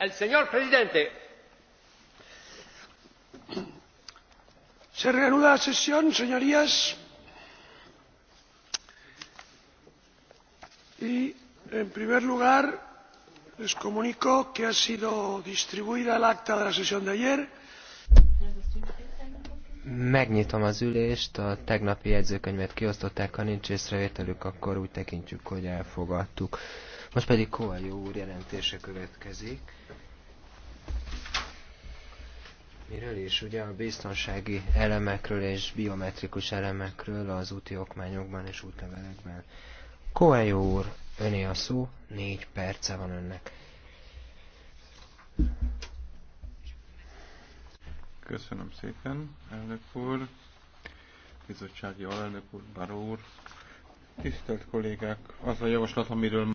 El señor presidente. Se reanuda la sesión, señorías. Y, en primer lugar, les comunico que ha sido distribuida el acta de la sesión de ayer. Megnyitom az ülést, a tegnapi jegyzőkönyvet kiosztották, ha nincs észrevételük, akkor úgy tekintjük, hogy elfogadtuk. Most pedig Kovaljó úr jelentése következik. Miről is? Ugye a biztonsági elemekről és biometrikus elemekről az úti okmányokban és útlevelekben. Kovaljó úr, öné a szó, négy perce van önnek. Köszönöm szépen, elnök úr, bizottsági alelnök úr, Baró úr. Tisztelt kollégák, az a javaslat, amiről